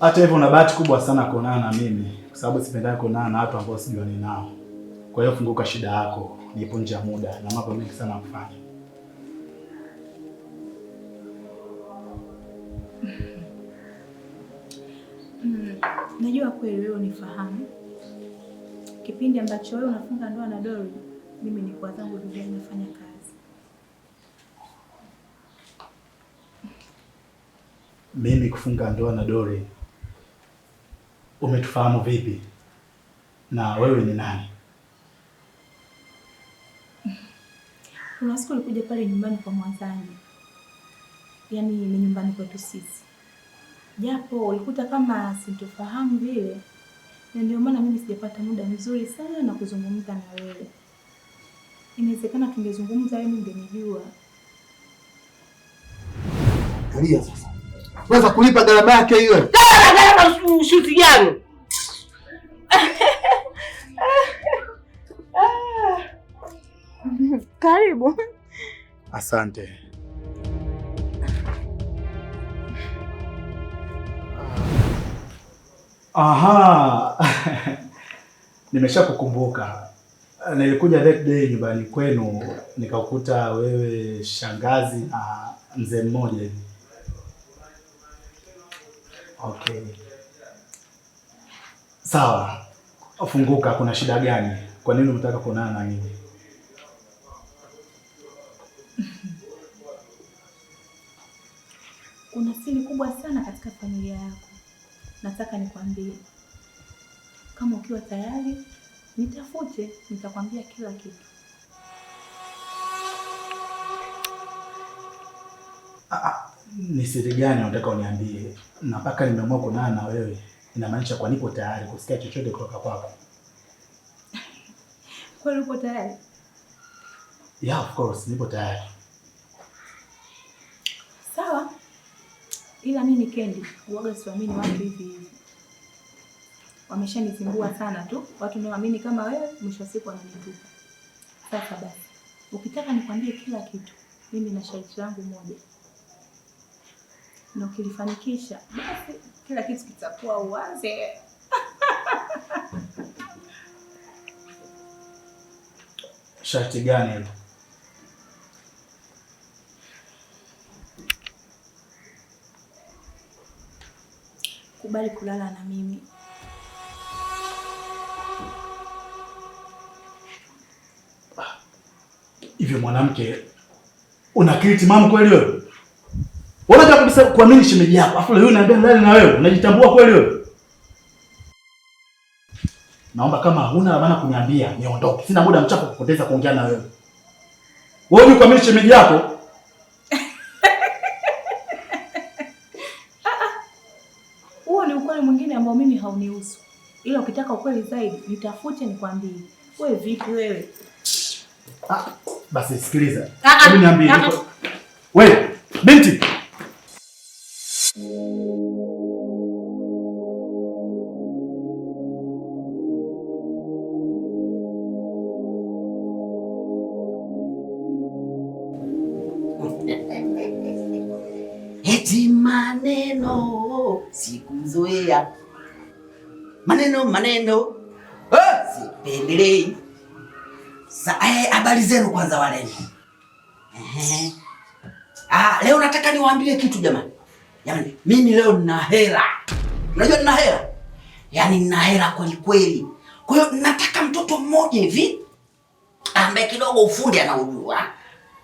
Hata hivyo una bahati kubwa sana kuonana na mimi kwa sababu sipendaki kuonana na watu ambao sijuani nao. Kwa hiyo funguka shida yako, nipo nje ya muda na mambo mengi sana kufanya. Mm, najua kweli wewe unifahamu. Kipindi ambacho wewe unafunga ndoa na Dori, mimi ni kwa zangu ndio nafanya kazi. Mimi kufunga ndoa na Dori umetufahamu vipi na wewe ni nani? Kuna siku ulikuja pale nyumbani kwa Mwanzani, yaani ni nyumbani kwetu sisi, japo ulikuta kama sintofahamu vile, na ndio maana mimi sijapata muda mzuri sana na kuzungumza na wewe. Inawezekana tungezungumza wewe ningenijua. Yaani Kalia sasa weza kulipa gharama yake hiyo. Gharama shuti gani? Karibu. Asante. Aha. kukumbuka Nilikuja that day nyumbani kwenu nikakuta wewe, shangazi na ah, mzee mmoja hivi Okay, sawa. Funguka, kuna shida gani? Kwa nini unataka kuonana na mimi? Kuna siri kubwa sana katika familia yako. Nataka nikwambie, kama ukiwa tayari nitafute, nitakwambia kila kitu. ni siri gani unataka uniambie? Na mpaka nimeamua kuonana na wewe, inamaanisha kwa nipo tayari kusikia chochote kutoka kwako. Kwa nipo tayari? Yeah, of course, nipo tayari. Sawa, ila mimi Kendi uoga siamini watu hivi hivi, sana tu watu naamini kama wewe, mwisho wa siku wananitupa. Sasa basi, ukitaka nikwambie kila kitu, mimi na shaiti langu moja na ukilifanikisha basi kila kitu kitakuwa wazi. Sharti gani hilo? Kubali kulala na mimi. Ah, hivyo mwanamke, una akili timamu kweli wewe? sasa kuamini shemeji yako. Afu leo unaambia nani na wewe? Unajitambua kweli wewe? Naomba kama huna la maana kuniambia niondoke. Sina muda mchafu kupoteza kuongea na wewe. Wewe ni unaamini shemeji yako? Ah, ah. Huo ni ukweli mwingine ambao mimi haunihusu. Ila ukitaka ukweli zaidi nitafute nikwambie. Wewe vipi wewe? Ah, basi sikiliza. Ah, Hebu niambie. Wewe binti maneno sikuzoea, maneno maneno eh! sipendelei. Eh, habari zenu kwanza waleni. Ah, leo nataka niwaambie kitu jamani. Jamani, mimi leo nina hela. Unajua nina hela? Yaani nina hela kweli kweli. Kwa hiyo nataka mtoto mmoja hivi ambaye kidogo ufundi anaujua,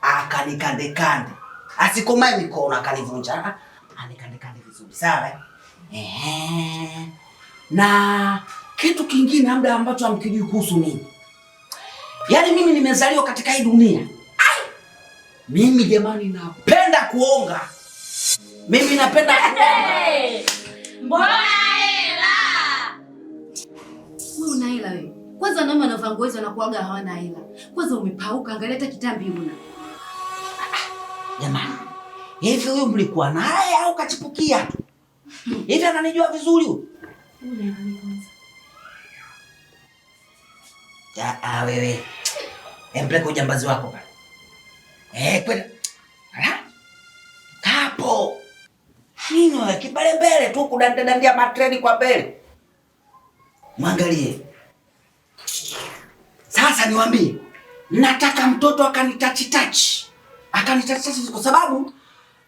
akanikandekande, asikomae mikono akanivunja sawa eh? Na kitu kingine labda ambacho hamkijui kuhusu mimi, yaani mimi nimezaliwa katika hii dunia. Ai! mimi jamani, napenda kuonga, mimi napenda kuonga. Mbona hela wewe una hela wewe? Kwanza wanaume wanavangoezi wanakuaga hawana hela. Kwanza umepauka, angalia hata kitambi una ah, ah, jamani. Hivi huyu mlikuwa naye au kachipukia tu? Hivi ananijua vizuri huyu? Ah, wewe. Empleka ujambazi wako pale. Eh, kwenda. Ala. Kapo. Nini wewe kibale mbele tu kudanda dandia matreni kwa mbele. Mwangalie. Sasa niwaambie. Nataka mtoto akanitachi tachi. Akanitachi tachi kwa sababu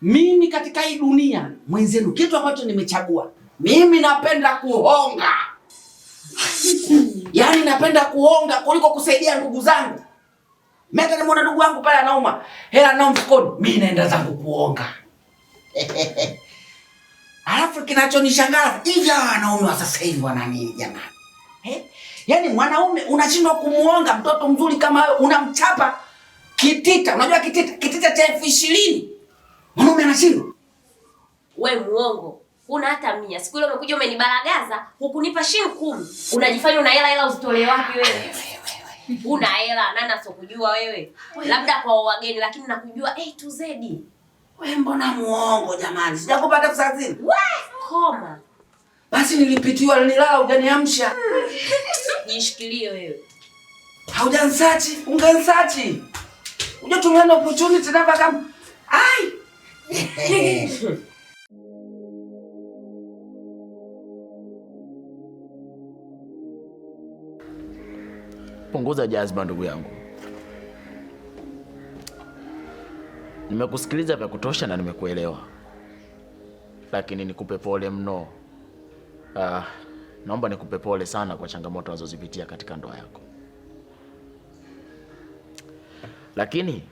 mimi katika hii dunia mwenzenu, kitu ambacho nimechagua mimi, napenda kuonga yaani napenda kuonga kuliko kusaidia ndugu zangu. Mimi nimeona ndugu wangu pale anauma, hela nao mfukoni, mimi naenda zangu kuonga. alafu kinachonishangaza hivi hawa wanaume wa sasa hivi wana nini jamani? Eh? Yaani mwanaume unashindwa kumuonga mtoto mzuri kama wewe, unamchapa kitita. Unajua kitita, kitita cha elfu ishirini Mwanaume anashindwa. We muongo, una hata mia. Siku ile umekuja umenibalagaza, hukunipa shilingi kumi. Unajifanya una hela hela, uzitolee wapi wewe? Una hela nani asokujua wewe, labda kwa wageni, lakini nakujua A eh, to Z. We mbona muongo jamani? sijakupa Sijakupata kusazini. We koma. Basi nilipitiwa, nilala, ujaniamsha. Nishikilie wewe. Haujansachi, ungensachi. Unja tumeona opportunity na kama. Ai, Punguza jazba, ndugu yangu. Nimekusikiliza vya kutosha na nimekuelewa, lakini nikupe pole mno. Uh, naomba nikupe pole sana kwa changamoto unazozipitia katika ndoa yako, lakini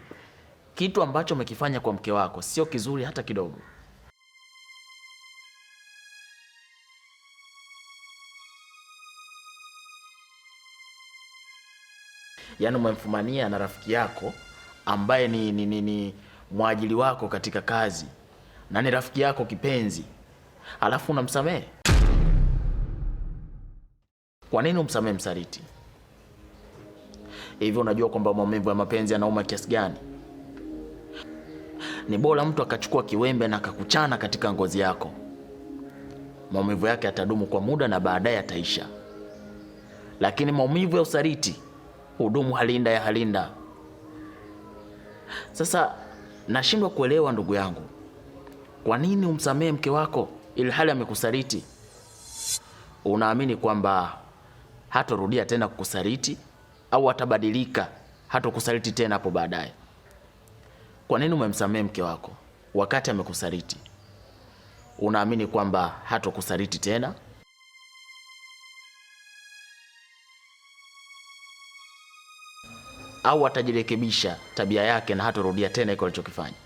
kitu ambacho umekifanya kwa mke wako sio kizuri hata kidogo. Yaani umemfumania na rafiki yako ambaye ni, ni, ni, ni mwajili wako katika kazi na ni rafiki yako kipenzi, alafu unamsamehe. Kwa nini umsamehe msaliti? Hivyo unajua kwamba maumivu ya mapenzi yanauma kiasi gani? ni bora mtu akachukua kiwembe na akakuchana katika ngozi yako. Maumivu yake yatadumu kwa muda na baadaye yataisha, lakini maumivu ya usaliti hudumu halinda ya halinda. Sasa nashindwa kuelewa, ndugu yangu, kwa nini umsamehe mke wako ili hali amekusaliti? Unaamini kwamba hatorudia tena kukusaliti au atabadilika hatokusaliti tena hapo baadaye? Kwa nini umemsamehe mke wako wakati amekusaliti? Unaamini kwamba hatokusaliti tena? Au atajirekebisha tabia yake na hatorudia tena iko alichokifanya?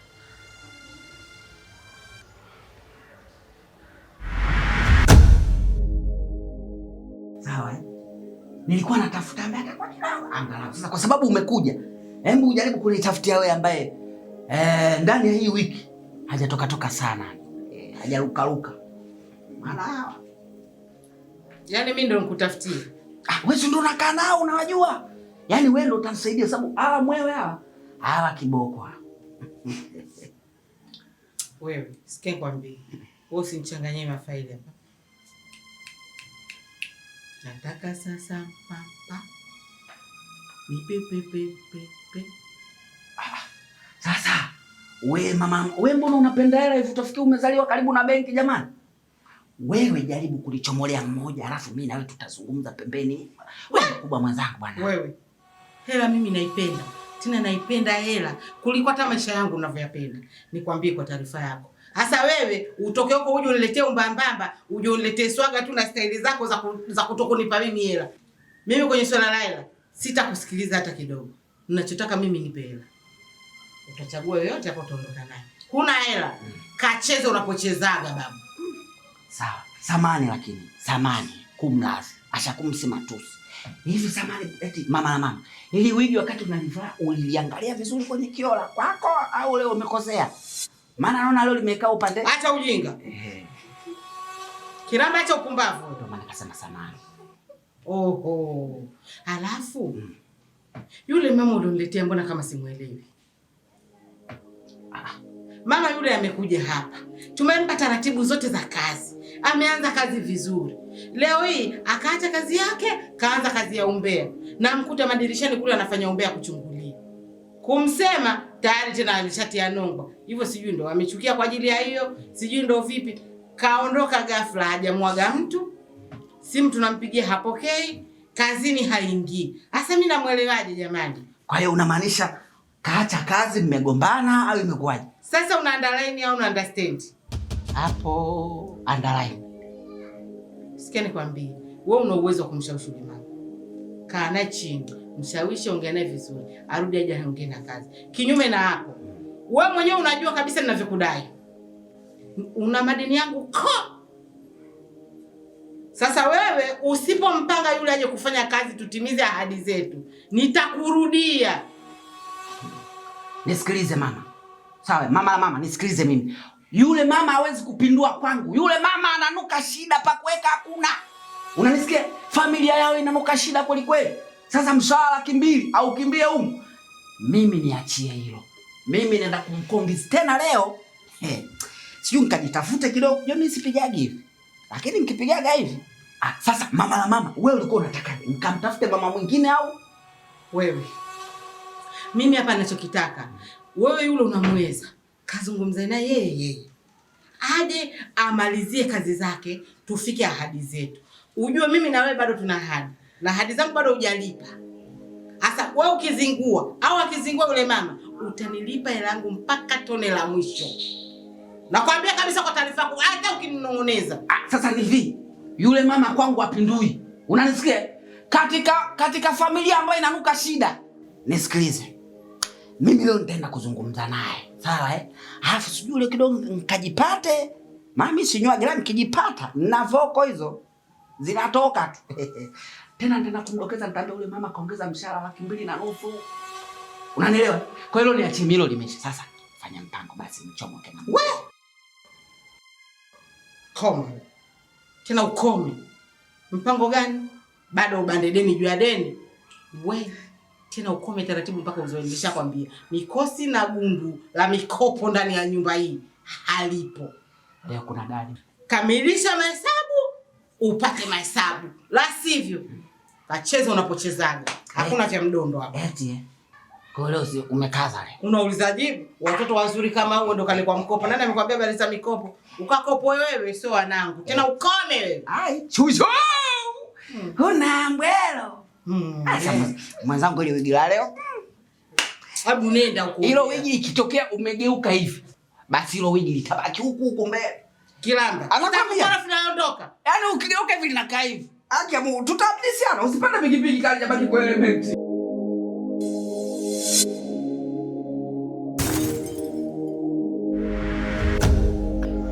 Sawa, nilikuwa natafuta ambaye atakuwa angalau sasa, kwa sababu umekuja, hebu ujaribu kunitafutia wewe ambaye eh, ndani ya hii wiki hajatoka toka sana, Hajaruka eh, hajarukaruka maana yaani mimi ndio nikutafutia. Ah, wewe ndio unakaa nao unawajua, yaani wewe ndio utanisaidia sababu hawa mwewe hawa hawa kiboko wewe. Sikia nikwambie, wewe usinichanganyie mafaili hapa. Nataka sasa papa nipepepepepe sasa we mama, we mbona unapenda hela hivi? Utafikiri umezaliwa karibu na benki jamani. Wewe jaribu kulichomolea mmoja, alafu mimi nawe tutazungumza pembeni. We mkubwa mwenzangu bwana. Wewe hela mimi naipenda tena, naipenda hela kuliko hata maisha yangu ninavyoyapenda. Nikwambie kwa taarifa yako Asa wewe utoke huko uje uniletee umbambamba, uje uniletee swaga tu na staili zako za za kutokunipa mimi hela. Mimi kwenye swala la hela sitakusikiliza hata kidogo. Ninachotaka mimi nipe hela utachagua yoyote hapo, utaondoka naye. Kuna hela, mm. kacheza unapochezaga babu. Sawa, samani lakini samani kumlazi ashakumsi matusi hivi samani. Eti mama na mama, ili wigi wakati unalivaa uliangalia vizuri kwenye kiola kwako au leo umekosea? Maana naona leo limekaa upande. Acha ujinga kirama, acha upumbavu. Ndio maana kasema samani. Oho, alafu mm, yule mama ulioniletea mbona kama simuelewi? Mama yule amekuja hapa, tumempa taratibu zote za kazi, ameanza kazi vizuri. Leo hii akaacha kazi yake, kaanza kazi ya umbea, na mkuta madirishani kule anafanya umbea kuchungulia, kumsema tayari tena ya nongwa hivyo, sijui ndo amechukia kwa ajili ya hiyo, sijui ndo vipi. Kaondoka ghafla, hajamwaga mtu, simu tunampigia hapokei, kazini haingii. Hasa mimi namwelewaje jamani? Kwa hiyo unamaanisha kaacha kazi, mmegombana au imekuwaje? Sasa una underline au una understand? Hapo underline. Sikia nikwambie, wewe una uwezo wa kumshawishi mama. Kaa naye chini, mshawishi, ongea naye vizuri, arudi aje aongee na kazi. Kinyume na hapo, wewe mwenyewe unajua kabisa ninavyokudai. Una madeni yangu ko sasa wewe usipompanga yule aje kufanya kazi tutimize ahadi zetu, nitakurudia nisikilize mama. Sawa, mama la mama, nisikilize mimi. Yule mama hawezi kupindua kwangu. Yule mama ananuka shida, pa kuweka hakuna. Unanisikia? Familia yao inanuka shida kweli kweli. Sasa mshahara laki mbili au kimbie huko. Mimi niachie hilo. Mimi naenda kumkongezi tena leo. Hey. Sijui nikajitafute kidogo. Jua mimi sipigagi hivi. Lakini nikipigaga hivi. Ah, sasa mama la mama, wewe ulikuwa unataka nikamtafute mama mwingine au wewe? Mimi hapa ninachokitaka wewe, yule unamweza, kazungumza naye yeye yeye aje amalizie kazi zake, tufike ahadi zetu. Ujue mimi na wewe bado tuna ahadi, na ahadi zangu bado hujalipa. Sasa wewe ukizingua au akizingua yule mama, utanilipa hela yangu mpaka tone la mwisho. Nakwambia kabisa kwa taarifa yako, hata ukininong'oneza. Ah, sasa hivi yule mama kwangu apindui, unanisikia? Katika katika familia ambayo inanuka shida, nisikilize mimi leo nitaenda kuzungumza naye sawa eh? Alafu sijui ile kidogo nikajipate, mami mimi sinywa ila nikijipata hizo zinatoka tu tena nitaenda kumdokeza, nitaambia yule mama kaongeza mshahara laki mbili na nusu, unanielewa? Kwa hilo niachie, hilo limeisha. Sasa fanya mpango basi, mchomo tena We koma tena ukome. Mpango gani? Bado ubande deni juu ya deni we tena ukome taratibu mpaka uzoe. kwambia mikosi na gundu la mikopo ndani ya nyumba hii halipo. Leo kuna dadi, kamilisha mahesabu upate mahesabu, la sivyo kacheza unapochezaga, hakuna eh. cha mdondo hapa. Eti eh, Kolosi umekaza leo, Unauliza jibu. Watoto wazuri kama huo ndo kwa mkopo. Nani amekwambia habari za mikopo? Ukakopo wewe sio wanangu. Tena ukome wewe. Ai, chuzo. Hmm. Una mbwelo. Hmm, mwenzangu, ile wigi la leo, hebu nenda huko. Hilo wigi ikitokea umegeuka hivi, basi hilo wigi litabaki huku huku mbele kilanda. Anaondoka yaani, ukigeuka hivi linakaa hivi. Aki Acha mu tutabishana, usipande pikipiki kali jabaki kwa element.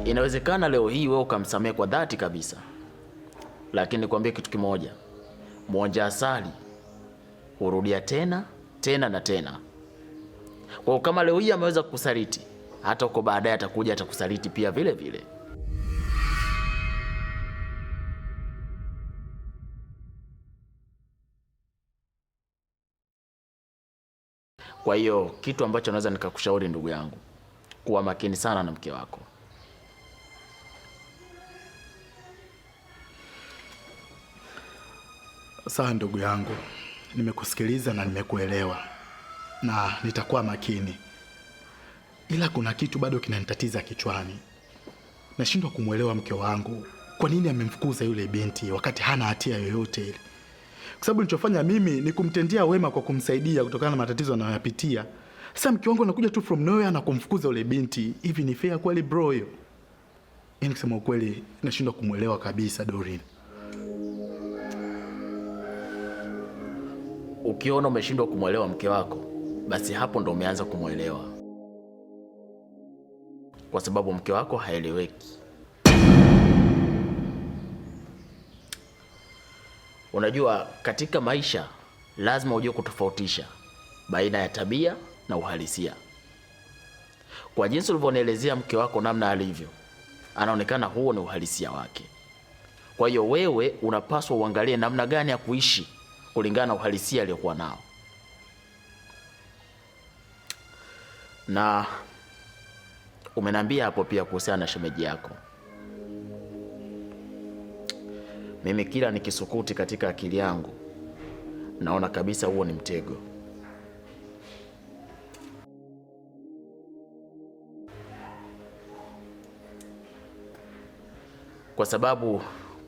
Inawezekana leo hii wewe ukamsamehe kwa dhati kabisa, lakini nikwambie kitu kimoja mwonja asali hurudia tena tena na tena. Kwa kama leo hii ameweza kukusaliti, hata uko baadaye atakuja atakusaliti pia vile vile. Kwa hiyo kitu ambacho naweza nikakushauri ndugu yangu, kuwa makini sana na mke wako. Sawa ndugu yangu, nimekusikiliza na nimekuelewa na nitakuwa makini, ila kuna kitu bado kinanitatiza kichwani. Nashindwa kumwelewa mke wangu, kwa nini amemfukuza yule binti wakati hana hatia yoyote ile, kwa sababu nilichofanya mimi ni kumtendea wema kwa kumsaidia kutokana na matatizo anayoyapitia. Sasa mke wangu anakuja tu from nowhere na kumfukuza yule binti, hivi ni fair kweli bro? Hiyo yaani, kusema ukweli, nashindwa kumwelewa kabisa Dorine. Ukiona umeshindwa kumwelewa mke wako, basi hapo ndo umeanza kumwelewa, kwa sababu mke wako haeleweki. Unajua, katika maisha lazima ujue kutofautisha baina ya tabia na uhalisia. Kwa jinsi ulivyonielezea mke wako namna alivyo, anaonekana huo ni uhalisia wake. Kwa hiyo wewe unapaswa uangalie namna gani ya kuishi kulingana na uhalisia aliyokuwa nao, na umeniambia hapo pia kuhusiana na shemeji yako. Mimi kila nikisukuti katika akili yangu naona kabisa huo ni mtego. Kwa sababu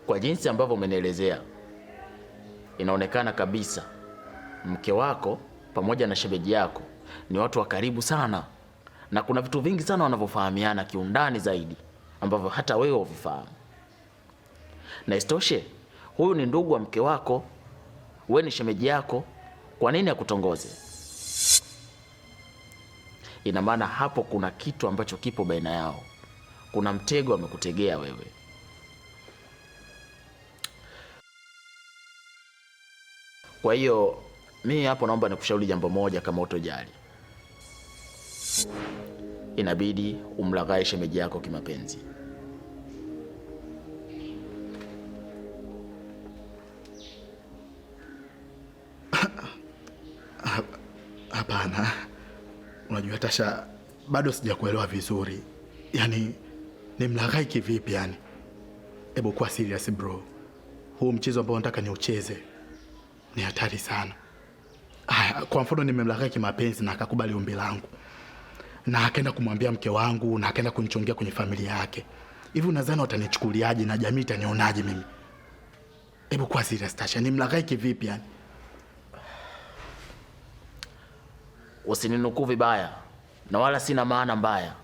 kwa jinsi ambavyo umenielezea inaonekana kabisa mke wako pamoja na shemeji yako ni watu wa karibu sana, na kuna vitu vingi sana wanavyofahamiana kiundani zaidi ambavyo hata wewe uvifahamu. Na isitoshe huyu ni ndugu wa mke wako, we ni shemeji yako, kwa nini akutongoze? Ina maana hapo kuna kitu ambacho kipo baina yao, kuna mtego amekutegea wewe. Kwa hiyo mi hapo naomba nikushauri jambo moja, kama utojali, inabidi umlaghai shemeji yako kimapenzi. Hapana, unajua Tasha, bado sijakuelewa vizuri. Yaani ni mlaghai kivipi? Yani hebu kuwa serious bro, huu mchezo ambao nataka niucheze ni hatari sana. Haya, kwa mfano nimemlaka kimapenzi na akakubali ombi langu na akaenda kumwambia mke wangu na akaenda kunichongea kwenye familia yake, hivi unadhani watanichukuliaje na jamii itanionaje mimi? Hebu kwa serious Tasha, nimlakai kivipi yani? Usininukuu vibaya na wala sina maana mbaya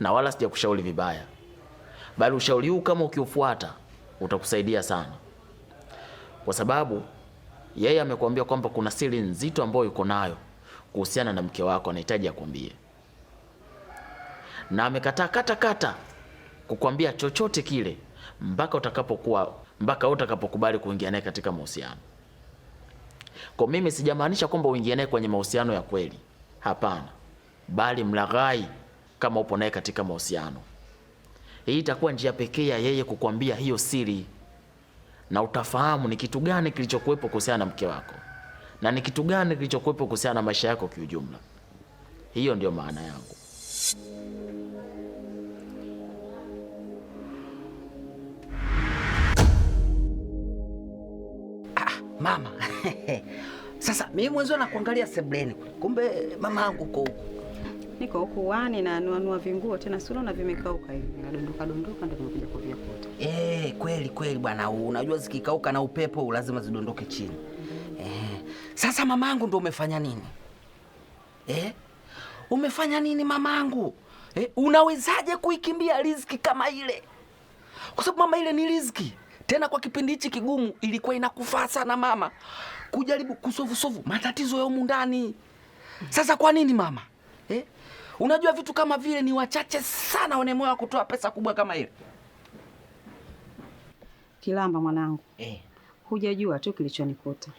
na wala kushauri vibaya, bali ushauri huu kama ukiufuata utakusaidia sana, kwa sababu yeye amekuambia kwamba kuna siri nzito ambayo yuko nayo kuhusiana na mke wako, anahitaji akwambie, na amekataa kata kata kukwambia chochote kile mpaka utakapokuwa mpaka utakapokubali kuingia naye katika mahusiano. Kwa mimi sijamaanisha kwamba uingie naye kwenye mahusiano ya kweli, hapana, bali mlaghai kama upo naye katika mahusiano. Hii itakuwa njia pekee ya yeye kukwambia hiyo siri na utafahamu ni kitu gani kilichokuwepo kuhusiana na mke wako na ni kitu gani kilichokuwepo kuhusiana na maisha yako kiujumla. Hiyo ndio maana yangu. Ah, mama sasa mimi mwenzio nakuangalia sebleni, kumbe mama yangu uko huko. Niko huku wani na nuanua vinguo tena, si unaona vimekauka hivi vinadondoka dondoka, ndio nimekuja kuviokota. Eh, kweli kweli bwana, unajua zikikauka na upepo lazima zidondoke chini. mm Eh, sasa mamangu ndio umefanya nini eh? Umefanya nini mamangu eh? Unawezaje kuikimbia riziki kama ile? Kwa sababu mama, ile ni riziki tena kwa kipindi hichi kigumu ilikuwa inakufaa sana mama, kujaribu kusovusovu matatizo ya humu ndani. Sasa kwa nini mama eh? Unajua vitu kama vile ni wachache sana wenye moyo wa kutoa pesa kubwa kama hiyo. Kilamba mwanangu eh, hujajua tu kilichonikuta.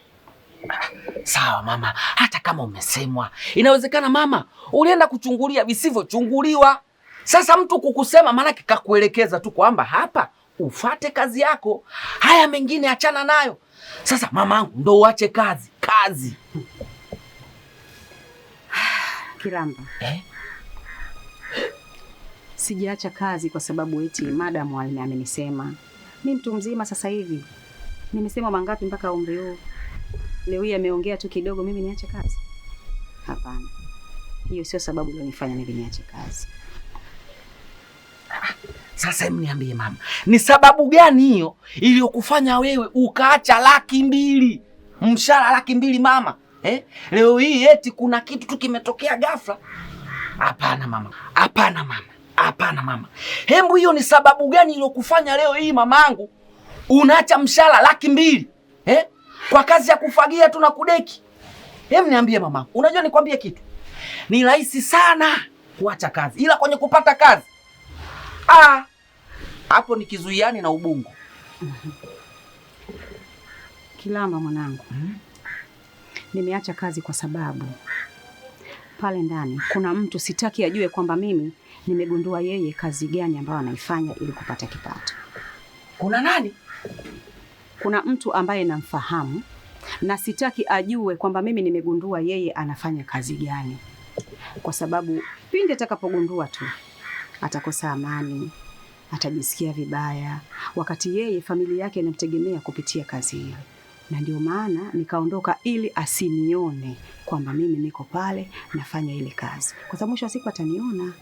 Ah, sawa mama, hata kama umesemwa, inawezekana mama ulienda kuchungulia visivyochunguliwa. Sasa mtu kukusema, maanake kakuelekeza tu kwamba hapa ufate kazi yako, haya mengine achana nayo. Sasa mamangu, ndo uache kazi kazi Kilamba eh? sijaacha kazi kwa sababu eti madam Walme amenisema. Mi mtu mzima sasa hivi, nimesema mangapi mpaka umri huu? Leo hii ameongea tu kidogo, mimi niache kazi? Hapana, hiyo sio sababu iliyonifanya mimi niache kazi. Sasa hebu niambie mama, ni sababu gani hiyo iliyokufanya wewe ukaacha laki mbili mshahara laki mbili mama eh? Leo hii eti kuna kitu tu kimetokea ghafla? Hapana mama, hapana mama. Hapana mama, hembu hiyo ni sababu gani iliyokufanya leo hii mamangu unaacha mshahara laki mbili eh? kwa kazi ya kufagia tu na kudeki. Hem, niambie mamangu, unajua nikwambie kitu, ni rahisi sana kuacha kazi, ila kwenye kupata kazi ah, hapo ni kizuiani na ubungo. kilama mwanangu, hmm? Nimeacha kazi kwa sababu pale ndani kuna mtu sitaki ajue kwamba mimi nimegundua yeye kazi gani ambayo anaifanya ili kupata kipato. Kuna nani? Kuna mtu ambaye namfahamu na sitaki ajue kwamba mimi nimegundua yeye anafanya kazi gani, kwa sababu pindi atakapogundua tu atakosa amani, atajisikia vibaya, wakati yeye familia yake inamtegemea kupitia kazi hiyo. Na ndio maana nikaondoka ili asinione kwamba mimi niko pale nafanya ile kazi, kwa sababu mwisho wa siku ataniona.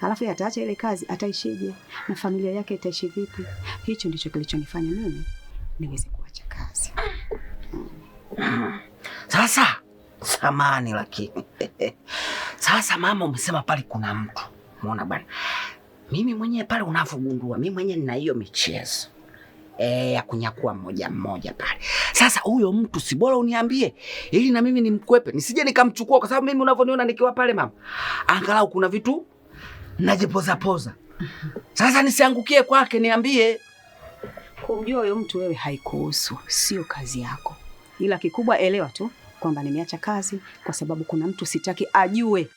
Alafu ataacha ile kazi, ataishije? Na familia yake itaishi vipi? Hicho ndicho kilichonifanya mimi niweze kuacha kazi. Sasa samani, lakini sasa mama, umesema pale kuna mtu muona bwana, mimi mwenyewe pale unavyogundua, mimi mwenyewe nina hiyo michezo e, ya kunyakua mmoja mmoja pale. Sasa huyo mtu si bora uniambie ili na mimi nimkwepe, nisije nikamchukua, kwa sababu mimi unavyoniona nikiwa pale mama, angalau kuna vitu najipozapoza. Sasa nisiangukie kwake, niambie. Kumjua huyo mtu wewe haikuhusu, sio kazi yako, ila kikubwa elewa tu kwamba nimeacha kazi kwa sababu kuna mtu sitaki ajue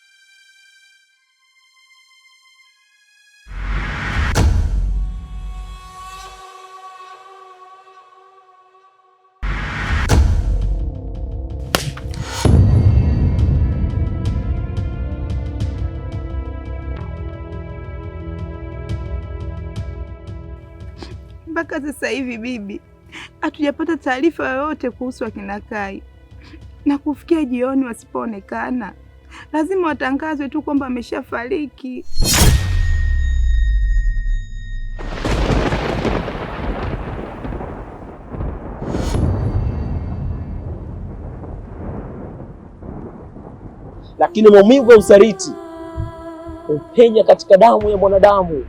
mpaka sasa hivi bibi, hatujapata taarifa yoyote kuhusu akina Kai, na kufikia jioni wasipoonekana, lazima watangazwe tu kwamba ameshafariki. Lakini maumivu ya usaliti hupenya katika damu ya mwanadamu,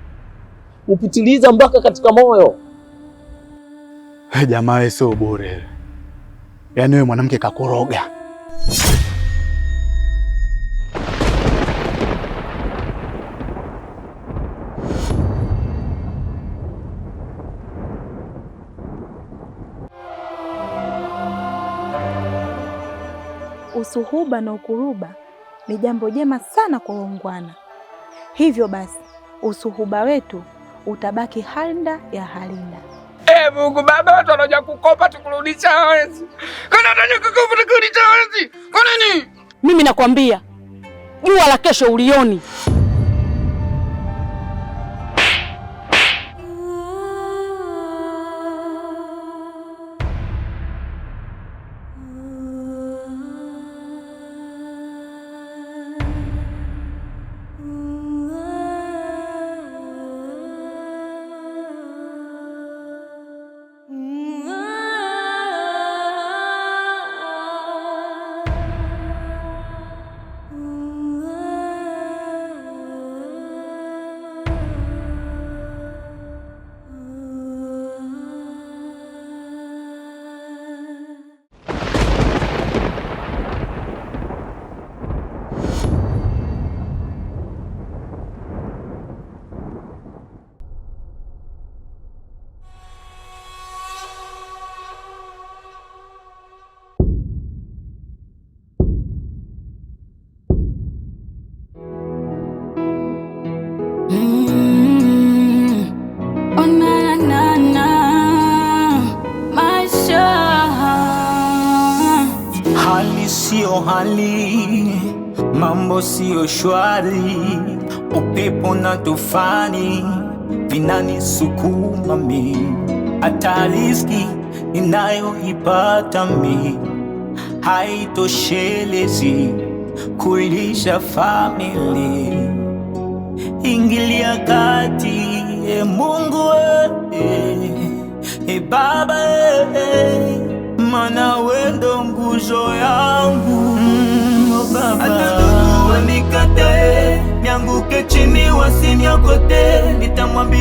hupitiliza mpaka katika moyo. Jamaa wewe sio bure, yaani wewe mwanamke kakoroga. Usuhuba na ukuruba ni jambo jema sana kwa wongwana Hivyo basi usuhuba wetu utabaki halinda ya halinda. Ee Mungu Baba, watu wanaoja kukopa tukurudisha hawezi. Kana wanaoja kukopa tukurudisha hawezi. Kwa nini? Mimi nakwambia jua la kesho ulioni. mali, mambo siyo shwari, upepo na tufani vinanisukuma mi, hata riziki ninayoipata mi haitoshelezi kulisha famili. Ingilia kati, e Mungu, e Baba, e maana wewe ndo nguzo yangu mm, oh baba. Hata ndugu wanikatae, nianguke chini wasiniokote, nitamwambia